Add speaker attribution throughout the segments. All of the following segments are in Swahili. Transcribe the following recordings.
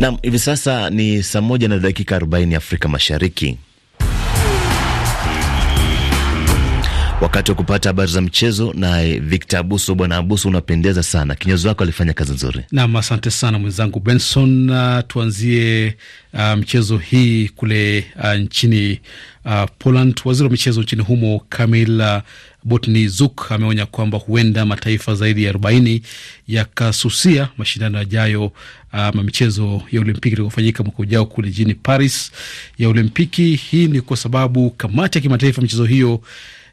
Speaker 1: Nam, hivi sasa ni saa moja na dakika 40 Afrika Mashariki, wakati wa kupata habari za mchezo naye Victor Abuso. Bwana Abuso, unapendeza sana, kinyozi wako alifanya kazi nzuri.
Speaker 2: Nam, asante sana mwenzangu Benson. Uh, tuanzie uh, mchezo hii kule uh, nchini uh, Poland. Waziri wa michezo nchini humo Kamila uh, Botni Zuk ameonya kwamba huenda mataifa zaidi ya 40 yakasusia mashindano yajayo ama michezo ya Olimpiki itakayofanyika mwaka ujao kule jijini Paris ya Olimpiki. Hii ni kwa sababu kamati ya kimataifa michezo hiyo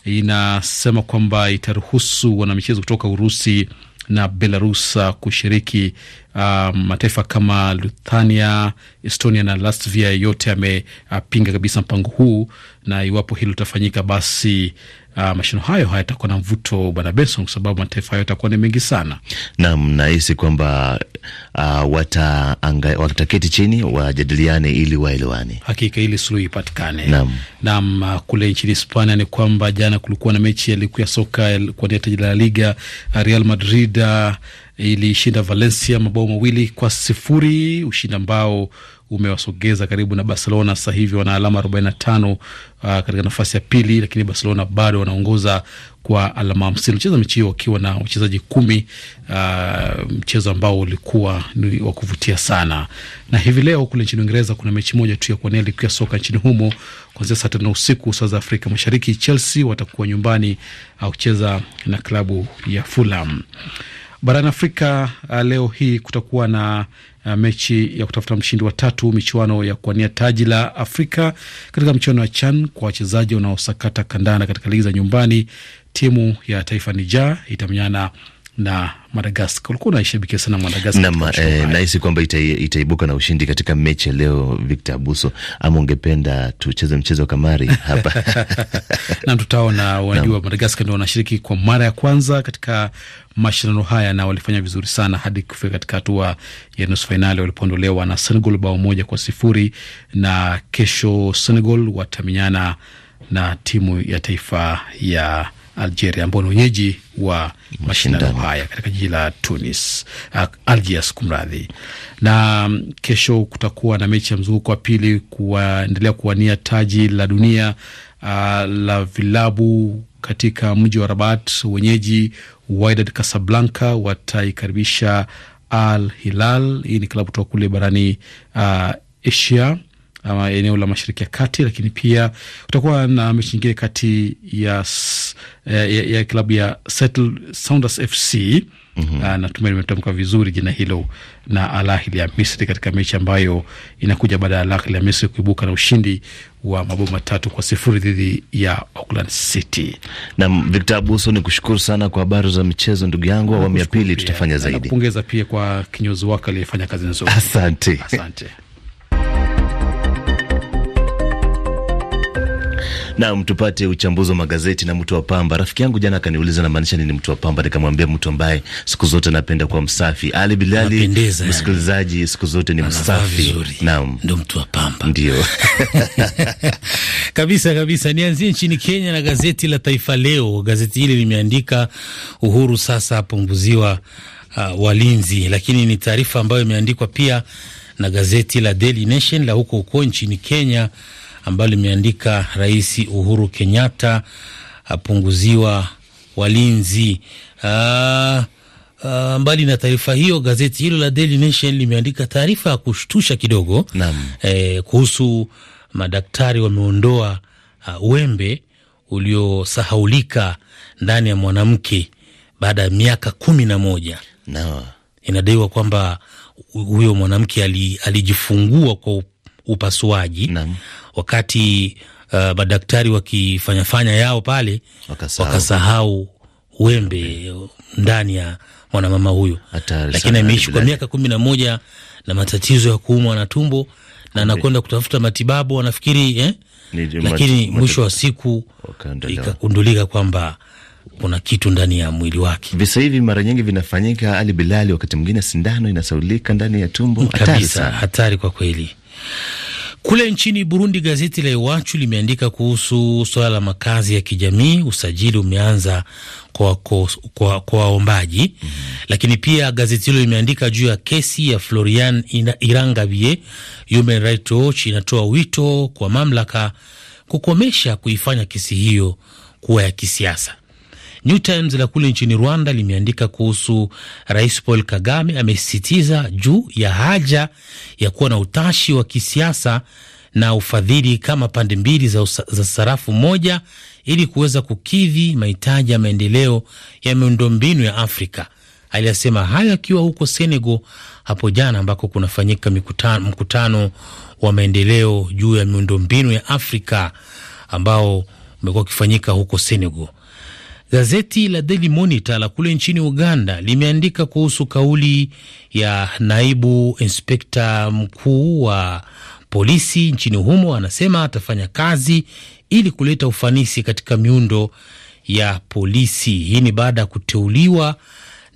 Speaker 2: inasema kwamba itaruhusu wanamichezo kutoka Urusi na Belarus kushiriki um, mataifa kama Lithuania, Estonia na Latvia yote yamepinga uh, kabisa mpango huu, na iwapo hilo litafanyika basi Uh, mashino hayo hayatakuwa na mvuto bwana Benson, kwa sababu mataifa hayo yatakuwa ni mengi sana.
Speaker 1: Naam, nahisi kwamba uh, wataketi chini wajadiliane ili waelewane
Speaker 2: hakika ili suluhu ipatikane. Naam, naam. Uh, kule nchini Hispania ni kwamba jana kulikuwa na mechi yalikuwa ya soka kuwania taji la Liga, uh, Real Madrid uh, ilishinda Valencia mabao mawili kwa sifuri, ushindi ambao umewasogeza karibu na Barcelona. Sasa hivi wana alama 45 uh, katika nafasi ya pili, lakini Barcelona bado wanaongoza kwa alama hamsini. Walicheza mechi hiyo wakiwa na wachezaji kumi, uh, mchezo ambao ulikuwa ni wa kuvutia sana. Na hivi leo kule nchini Uingereza kuna mechi moja tu ya kuania ligi ya soka nchini humo kuanzia saa tano usiku saa za Afrika Mashariki. Chelsea watakuwa nyumbani au uh, kucheza na klabu ya Fulham. Barani Afrika uh, leo hii kutakuwa na uh, mechi ya kutafuta mshindi wa tatu michuano ya kuwania taji la Afrika katika mchuano ya CHAN kwa wachezaji wanaosakata kandanda katika ligi za nyumbani. Timu ya taifa Niger itamenyana na Madagaskar. Ulikuwa unaishabikia sana Madagaskar nam eh,
Speaker 1: nahisi kwamba ita, itaibuka na ushindi katika mechi ya leo. Victor Abuso, ama ungependa tucheze mchezo kamari hapa?
Speaker 2: Nam, tutaona. Wanajua wa ndio wanashiriki kwa mara ya kwanza katika mashindano haya na walifanya vizuri sana hadi kufika katika hatua ya nusu fainali walipoondolewa na Senegal bao moja kwa sifuri na kesho Senegal watamenyana na timu ya taifa ya Algeria ambao ni wenyeji wa mashindano haya katika jiji la Tunis, ah, Algiers kumradhi. Na mm, kesho kutakuwa na mechi ya mzunguko wa pili kuendelea kuwania taji la dunia uh, la vilabu katika mji wa Rabat. Wenyeji Wydad Casablanca wataikaribisha Al Hilal. Hii ni klabu kutoka kule barani uh, Asia ama eneo la Mashariki ya Kati, lakini pia kutakuwa na mechi nyingine kati ya, eh, ya, ya klabu ya Seattle Sounders FC mm -hmm. Ah, natumai limetamka vizuri jina hilo na Al Ahly ya Misri katika mechi ambayo inakuja baada ya Al Ahly ya Misri kuibuka na ushindi wa mabao matatu kwa sifuri dhidi ya Auckland City. Nam Victor Abuso, ni kushukuru sana kwa habari za michezo ndugu yangu. Awamu ya
Speaker 1: pili tutafanya zaidi.
Speaker 2: Napongeza pia kwa kinyozi wako aliyefanya kazi nzuri.
Speaker 1: Asante, asante. Na mtupate uchambuzi wa magazeti na mtu wa pamba. Rafiki yangu jana akaniuliza namaanisha nini mtu wa pamba, nikamwambia mtu ambaye siku zote napenda kuwa msafi. Ali Bilali, msikilizaji yani, siku zote ni msafi. Naam, ndio mtu wa pamba, ndio
Speaker 3: kabisa kabisa. Nianzie nchini Kenya na gazeti la Taifa Leo. Gazeti hili limeandika Uhuru sasa apunguziwa uh, walinzi, lakini ni taarifa ambayo imeandikwa pia na gazeti la Daily Nation la huko huko nchini Kenya ambalo limeandika Rais Uhuru Kenyatta apunguziwa walinzi. Uh, uh, mbali na taarifa hiyo, gazeti hilo la Daily Nation limeandika taarifa ya kushtusha kidogo eh, kuhusu madaktari wameondoa uh, ah, wembe uliosahaulika ndani ya mwanamke baada ya miaka kumi na moja no. Inadaiwa kwamba huyo mwanamke alijifungua kwa upasuaji wakati uh, madaktari wakifanyafanya yao pale wakasahau, wakasahau wembe okay, ndani ya mwanamama huyo, lakini ameishi kwa miaka kumi na moja na matatizo ya kuumwa na tumbo na anakwenda kutafuta matibabu anafikiri eh?
Speaker 1: Lakini mwisho wa
Speaker 3: siku ikagundulika kwamba kuna kitu ndani ya mwili wake. Visa
Speaker 1: hivi mara nyingi vinafanyika Ali Bilali, wakati mwingine sindano inasaulika ndani ya tumbo kabisa, hatari,
Speaker 3: hatari kwa kweli. Kule nchini Burundi, gazeti la Iwachu limeandika kuhusu suala la makazi ya kijamii. Usajili umeanza kwa waombaji kwa, kwa mm -hmm. Lakini pia gazeti hilo limeandika juu ya kesi ya Florian Irangavie. Human Rights Watch inatoa wito kwa mamlaka kukomesha kuifanya kesi hiyo kuwa ya kisiasa. New Times la kule nchini Rwanda limeandika kuhusu Rais Paul Kagame, amesisitiza juu ya haja ya kuwa na utashi wa kisiasa na ufadhili kama pande mbili za, za sarafu moja ili kuweza kukidhi mahitaji ya maendeleo ya miundombinu ya Afrika. Aliyasema hayo akiwa huko Senegal hapo jana, ambako kunafanyika mkutano, mkutano wa maendeleo juu ya miundombinu ya Afrika ambao umekuwa ukifanyika huko Senegal. Gazeti la Daily Monitor la kule nchini Uganda limeandika kuhusu kauli ya naibu inspekta mkuu wa polisi nchini humo. Anasema atafanya kazi ili kuleta ufanisi katika miundo ya polisi. Hii ni baada ya kuteuliwa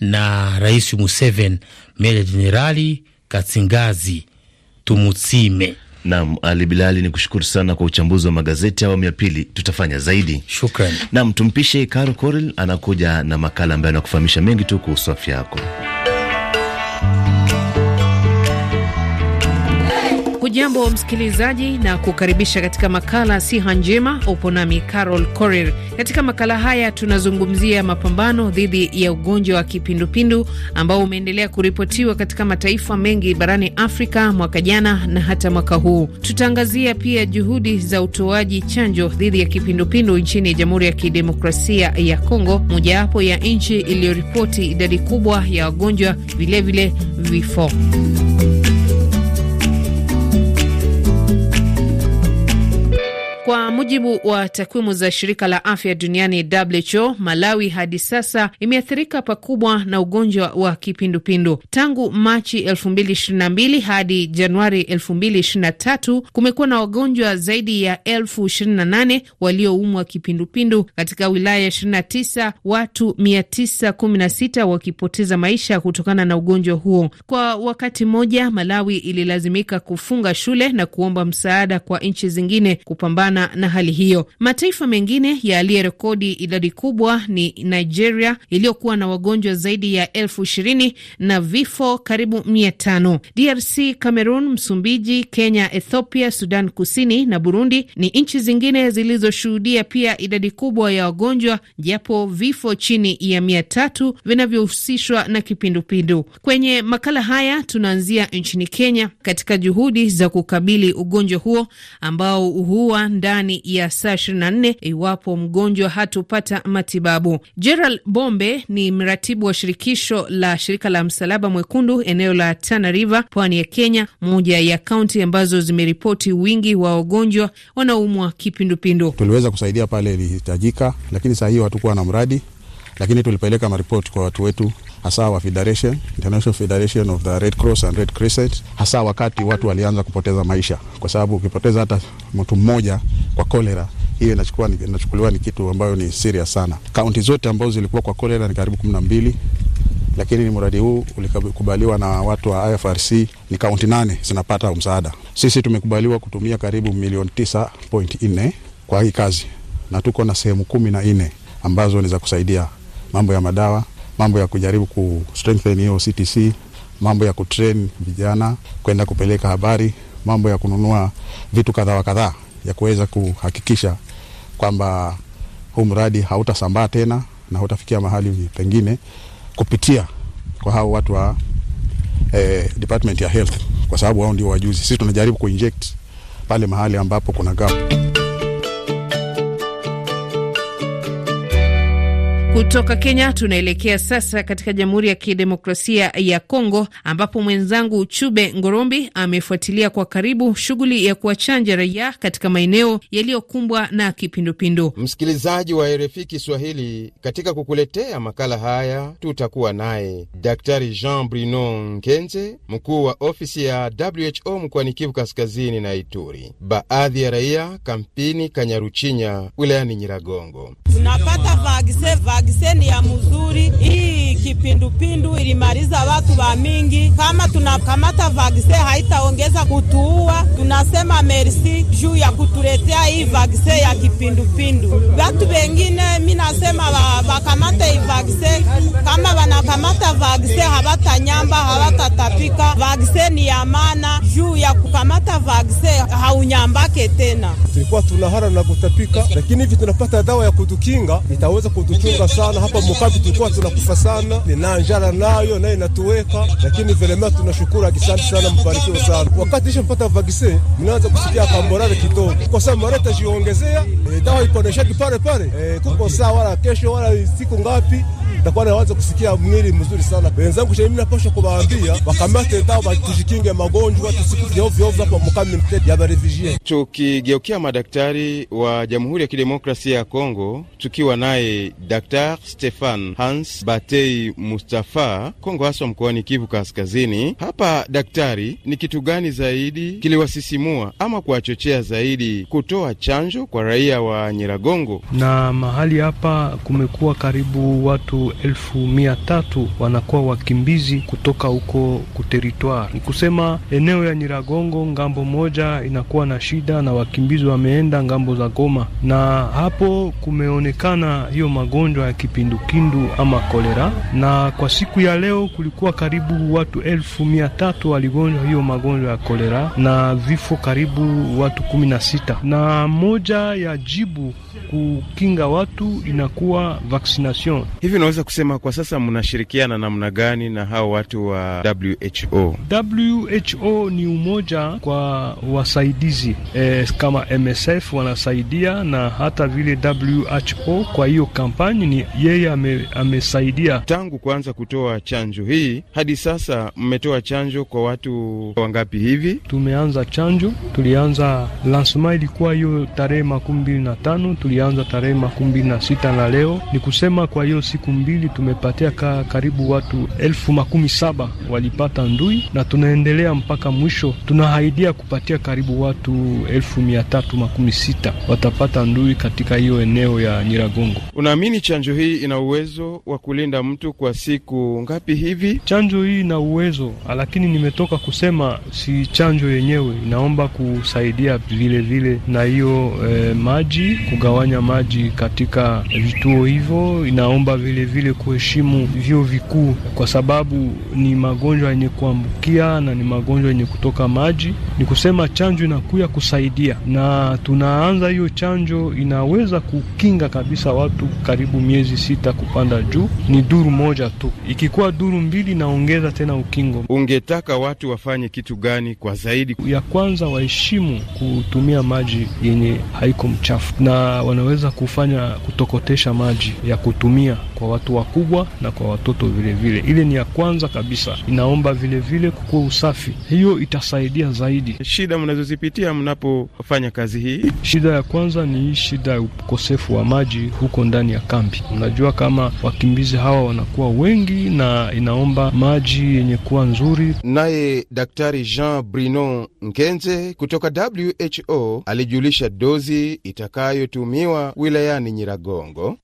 Speaker 3: na Rais Museveni Meja Jenerali Katsingazi
Speaker 1: Tumutsime nam Ali Bilali, ni kushukuru sana kwa uchambuzi wa magazeti awamu ya pili, tutafanya zaidi. Shukran. nam, tumpishe Karo Koril anakuja na makala ambayo anakufahamisha mengi tu kuhusu afya yako.
Speaker 4: Hujambo msikilizaji, na kukaribisha katika makala siha njema. Upo nami Carol Corir. Katika makala haya tunazungumzia mapambano dhidi ya ugonjwa wa kipindupindu ambao umeendelea kuripotiwa katika mataifa mengi barani Afrika mwaka jana na hata mwaka huu. Tutaangazia pia juhudi za utoaji chanjo dhidi ya kipindupindu nchini Jamhuri ya Kidemokrasia ya Kongo, mojawapo ya nchi iliyoripoti idadi kubwa ya wagonjwa, vilevile vifo. Kwa mujibu wa takwimu za shirika la afya duniani WHO, Malawi hadi sasa imeathirika pakubwa na ugonjwa wa kipindupindu. Tangu Machi 2022 hadi Januari 2023 kumekuwa na wagonjwa zaidi ya elfu 28 walioumwa kipindupindu katika wilaya 29, watu 916 wakipoteza maisha kutokana na ugonjwa huo. Kwa wakati mmoja, Malawi ililazimika kufunga shule na kuomba msaada kwa nchi zingine kupambana kutokana na hali hiyo. Mataifa mengine yaliyerekodi idadi kubwa ni Nigeria iliyokuwa na wagonjwa zaidi ya elfu ishirini na vifo karibu mia tano. DRC, Cameroon, Msumbiji, Kenya, Ethiopia, Sudan Kusini na Burundi ni nchi zingine zilizoshuhudia pia idadi kubwa ya wagonjwa, japo vifo chini ya mia tatu vinavyohusishwa na kipindupindu. Kwenye makala haya tunaanzia nchini Kenya katika juhudi za kukabili ugonjwa huo ambao huwa ndani ya saa nne iwapo mgonjwa hatopata matibabu. Gerald Bombe ni mratibu wa shirikisho la shirika la Msalaba Mwekundu eneo la Tana River, pwani ya Kenya, moja ya kaunti ambazo zimeripoti wingi wa wagonjwa wanaumwa kipindupindu. Tuliweza
Speaker 5: kusaidia pale ilihitajika, lakini saa hiyo hatukuwa na mradi lakini tulipeleka maripoti kwa watu wetu hasa wa Federation, International Federation of the Red Cross and Red Crescent, hasa wakati watu walianza kupoteza maisha, kwa sababu ukipoteza hata mtu mmoja kwa kolera hiyo inachukua inachukuliwa ni kitu ambayo ni serious sana. Kaunti zote ambazo zilikuwa kwa kolera ni karibu 12, lakini ni mradi huu ulikubaliwa na watu wa IFRC, ni kaunti nane zinapata msaada. Sisi tumekubaliwa kutumia karibu milioni 9.4 kwa hii kazi na tuko na sehemu kumi na nne ambazo ni za kusaidia mambo ya madawa, mambo ya kujaribu ku strengthen hiyo CTC, mambo ya kutrain vijana kwenda kupeleka habari, mambo ya kununua vitu kadha wa kadhaa ya kuweza kuhakikisha kwamba huu mradi hautasambaa tena na hautafikia mahali pengine kupitia kwa hao watu wa eh, department ya health, kwa sababu wao ndio wajuzi. Sisi tunajaribu kuinject pale mahali ambapo kuna gap.
Speaker 4: Kutoka Kenya tunaelekea sasa katika Jamhuri ya Kidemokrasia ya Kongo ambapo mwenzangu Chube Ngorombi amefuatilia kwa karibu shughuli ya kuwachanja raia katika maeneo yaliyokumbwa na kipindupindu.
Speaker 6: Msikilizaji wa RFI Kiswahili, katika kukuletea makala haya tutakuwa naye Daktari Jean Brino Nkenze, mkuu wa ofisi ya WHO mkoani Kivu Kaskazini na Ituri, baadhi ya raia kampini Kanyaruchinya wilayani Nyiragongo tunapata vagise vagise ni ya mzuri, hii kipindupindu ilimaliza watu wa mingi. Kama tunakamata vagise haitaongeza kutuua. Tunasema mersi juu ya kutuletea hii vagise ya kipindupindu. Watu wengine, mi nasema wakamata hii vagise, Kama wanakamata vagise havatanyamba, hawatatapika. vagise ni ya maana juu ya kukamata vagise haunyambake tena.
Speaker 7: Tulikuwa tunahara na kutapika, lakini hivi tunapata dawa ya kutukinga, itaweza kutuchunga sana. Hapa Mukavi tulikuwa tunakufa sana, nina njala nayo nayo inatuweka, lakini velema tunashukuru, akisante sana, mbarikiwe sana. Wakati isha mpata vagise mnaanza kusikia kamborale kidogo, kwa sababu mareta jiongezea, eh, dawa ikonesha kipare pare, eh, kuko saa wala kesho wala siku ngapi itakuwa nawanza kusikia mwili mzuri sana. Wenzangu chenye naposha kuwaambia wakamate ndao batushikinge magonjwa tusikufe ovyo ovyo mtete ya barevijie.
Speaker 6: Tukigeukia madaktari wa Jamhuri ya Kidemokrasia ya Kongo, tukiwa naye Dr. Stefan Hans Batei Mustafa Kongo haswa mkoani Kivu Kaskazini. Hapa daktari, ni kitu gani zaidi kiliwasisimua ama kuwachochea zaidi kutoa chanjo kwa raia wa Nyiragongo?
Speaker 8: Na mahali hapa kumekuwa karibu watu elfu mia tatu wanakuwa wakimbizi kutoka huko kuteritwari. Ni kusema eneo ya Nyiragongo ngambo moja inakuwa na shida na wakimbizi wameenda ngambo za Goma, na hapo kumeonekana hiyo magonjwa ya kipindupindu ama kolera, na kwa siku ya leo kulikuwa karibu watu elfu mia tatu waligonjwa hiyo magonjwa ya kolera na vifo karibu watu kumi na sita na moja ya jibu kukinga watu inakuwa vaccination. Hivi unaweza kusema kwa sasa
Speaker 6: mnashirikiana namna gani na hao watu wa WHO?
Speaker 8: WHO ni umoja kwa wasaidizi e, kama MSF wanasaidia na hata vile WHO kwa hiyo kampani ni yeye ame, amesaidia. Tangu kuanza
Speaker 6: kutoa chanjo hii hadi sasa mmetoa chanjo kwa watu wangapi hivi?
Speaker 8: Tumeanza chanjo, tulianza lansma ilikuwa hiyo tarehe makumi mbili na tano tuli ilianza tarehe makumi mbili na sita na leo ni kusema, kwa hiyo siku mbili tumepatia ka karibu watu elfu makumi saba walipata ndui, na tunaendelea mpaka mwisho. Tunahaidia kupatia karibu watu elfu mia tatu makumi sita watapata ndui katika hiyo eneo ya Nyiragongo.
Speaker 6: Unaamini chanjo hii ina uwezo wa kulinda mtu kwa siku ngapi hivi?
Speaker 8: Chanjo hii ina uwezo, lakini nimetoka kusema si chanjo yenyewe, inaomba kusaidia vilevile vile na hiyo eh, maji kugawanya kukusanya maji katika vituo hivyo. Inaomba vilevile kuheshimu vyuo vikuu, kwa sababu ni magonjwa yenye kuambukia na ni magonjwa yenye kutoka maji. Ni kusema chanjo inakuya kusaidia, na tunaanza hiyo chanjo, inaweza kukinga kabisa watu karibu miezi sita kupanda juu. Ni duru moja tu, ikikuwa duru mbili inaongeza tena ukingo.
Speaker 6: Ungetaka watu wafanye kitu gani kwa zaidi?
Speaker 8: Ya kwanza waheshimu kutumia maji yenye haiko mchafu na wana wanaweza kufanya kutokotesha maji ya kutumia kwa watu wakubwa na kwa watoto vilevile. Ile ni ya kwanza kabisa, inaomba vilevile kukuwa usafi, hiyo itasaidia zaidi. Shida mnazozipitia mnapofanya kazi hii, shida ya kwanza ni shida ya ukosefu wa maji huko ndani ya kambi. unajua kama wakimbizi hawa wanakuwa wengi, na inaomba maji yenye kuwa nzuri.
Speaker 6: Naye Daktari Jean bruno Nkenze kutoka WHO alijulisha dozi itakayotumiwa mheshimiwa wilayani Nyiragongo.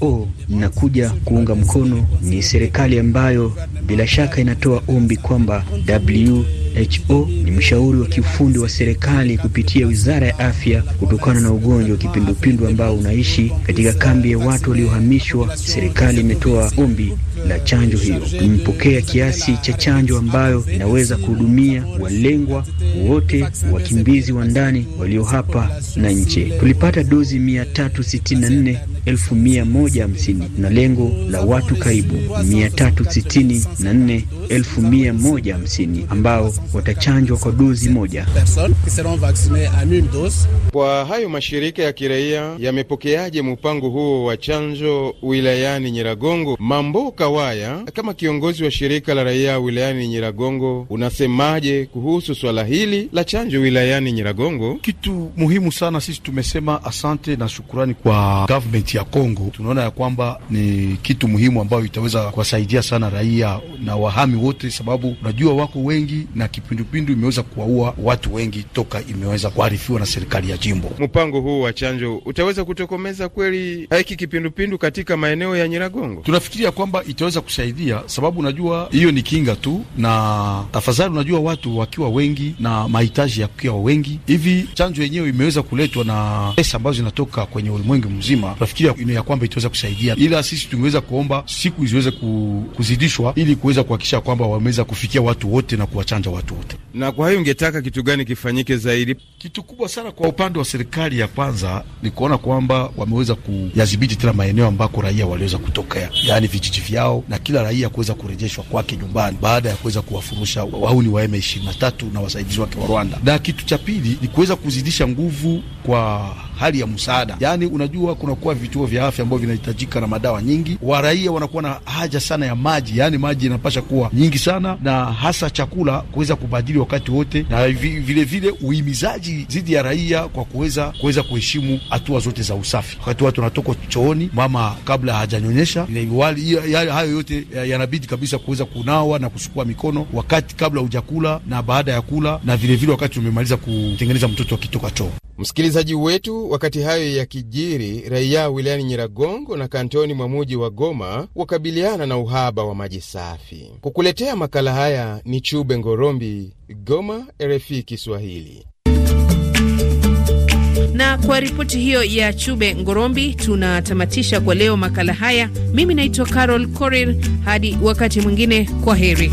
Speaker 8: WHO
Speaker 3: inakuja kuunga mkono, ni serikali ambayo bila shaka inatoa ombi kwamba WHO WHO ni mshauri wa kiufundi wa serikali kupitia wizara ya afya kutokana na ugonjwa wa kipindupindu ambao unaishi katika kambi ya watu waliohamishwa. Serikali imetoa ombi la chanjo hiyo. Tumepokea kiasi cha chanjo ambayo inaweza kuhudumia walengwa wote, wakimbizi wa ndani walio hapa na nje. Tulipata dozi 364 elfu mia moja hamsini na lengo la watu karibu mia tatu sitini na nne elfu mia moja hamsini ambao watachanjwa kwa dozi moja.
Speaker 6: Kwa hayo mashirika ya kiraia yamepokeaje mpango huo wa chanjo wilayani Nyiragongo? Mambo Kawaya, kama kiongozi wa shirika la raia wilayani Nyiragongo, unasemaje kuhusu swala hili la chanjo wilayani Nyiragongo? Kitu muhimu
Speaker 7: sana, sisi tumesema asante na shukurani kwa government ya Kongo, tunaona ya kwamba ni kitu muhimu ambayo itaweza kuwasaidia sana raia na wahami wote, sababu unajua wako wengi na kipindupindu imeweza kuwaua watu wengi toka imeweza kuarifiwa na serikali ya
Speaker 6: jimbo. Mpango huu wa chanjo utaweza kutokomeza kweli hiki kipindupindu katika maeneo ya Nyiragongo?
Speaker 7: Tunafikiria kwamba itaweza kusaidia, sababu unajua hiyo ni kinga tu, na tafadhali, unajua watu wakiwa wengi na mahitaji ya wengi hivi, chanjo yenyewe imeweza kuletwa na pesa ambazo zinatoka kwenye ulimwengu mzima, tunafikiria ino ya kwamba itaweza kusaidia, ila sisi tungeweza kuomba siku ziweze kuzidishwa ili kuweza kuhakikisha kwamba wameweza kufikia watu wote na kuwachanja watu wote.
Speaker 6: Na kwa hiyo ungetaka kitu gani kifanyike zaidi? Kitu kubwa sana kwa upande wa
Speaker 7: serikali ya kwanza ni kuona kwamba wameweza kuyadhibiti tena maeneo ambako raia waliweza kutokea, yaani vijiji vyao, na kila raia kuweza kurejeshwa kwake nyumbani baada ya kuweza kuwafurusha wahuni wa M23 na wasaidizi wake wa Rwanda. Na kitu cha pili ni kuweza kuzidisha nguvu kwa hali ya msaada. Yaani, unajua kunakuwa vituo vya afya ambavyo vinahitajika na madawa nyingi, waraia wanakuwa na haja sana ya maji, yaani maji inapasha kuwa nyingi sana, na hasa chakula kuweza kubadili wakati wote, na vilevile vile uhimizaji dhidi ya raia kwa kuweza kuweza kuheshimu hatua zote za usafi. Wakati watu wanatoka chooni, mama kabla hajanyonyesha, hayo yote yanabidi kabisa kuweza kunawa na kusukua mikono wakati kabla hujakula na baada ya kula, na vilevile vile wakati umemaliza kutengeneza mtoto akitoka choo.
Speaker 6: Msikilizaji wetu Wakati hayo ya kijiri raia wilayani Nyiragongo na kantoni mwa muji wa Goma wakabiliana na uhaba wa maji safi. Kukuletea makala haya ni Chube Ngorombi, Goma, RFI Kiswahili.
Speaker 4: Na kwa ripoti hiyo ya Chube Ngorombi tunatamatisha kwa leo makala haya. Mimi naitwa Carol Korir, hadi wakati mwingine, kwa heri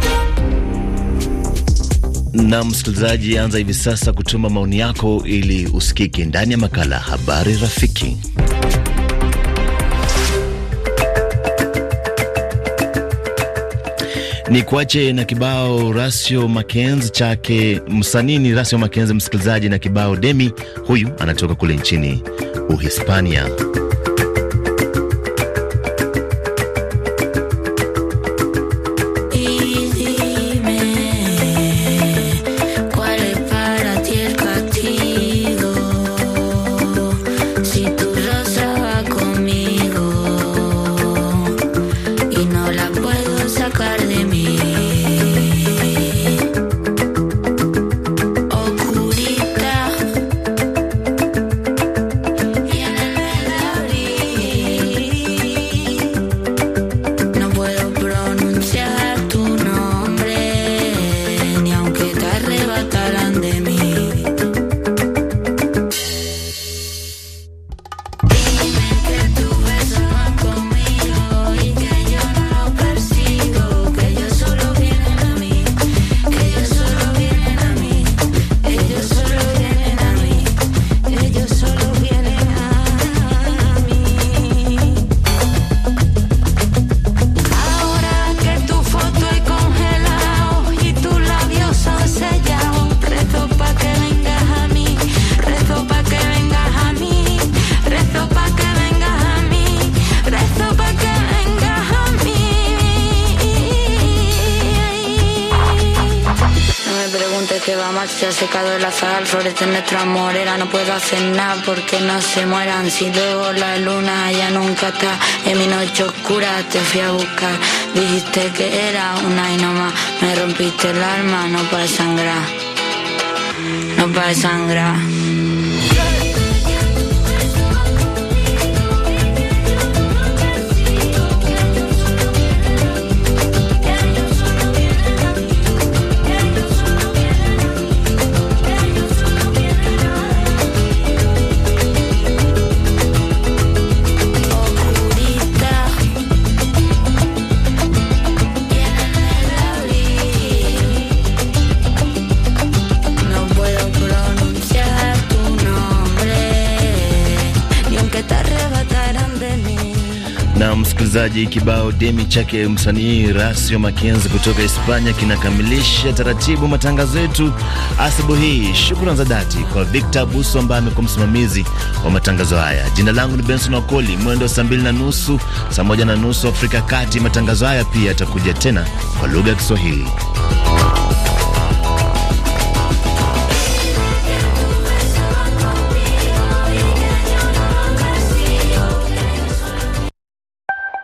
Speaker 1: Na msikilizaji, anza hivi sasa kutuma maoni yako ili usikike ndani ya makala Habari Rafiki. Ni kuache na kibao Rasio Makenzi chake msanii Rasio Makenzi, msikilizaji, na kibao Demi. Huyu anatoka kule nchini Uhispania.
Speaker 8: de nuestro amor era no puedo hacer nada porque no se mueran si luego la luna ya nunca está en mi noche oscura te fui a buscar dijiste que era una y no más me rompiste el alma no para sangrar no para sangrar
Speaker 1: na msikilizaji, kibao demi chake msanii Rasio Makenzi kutoka Hispania kinakamilisha taratibu matangazo yetu asubuhi hii. Shukrani za dhati kwa Victor Buso ambaye amekuwa msimamizi wa matangazo haya. Jina langu ni Benson Wakoli. Mwendo saa mbili na nusu, saa moja na nusu Afrika Kati. Matangazo haya pia yatakuja tena kwa lugha ya Kiswahili.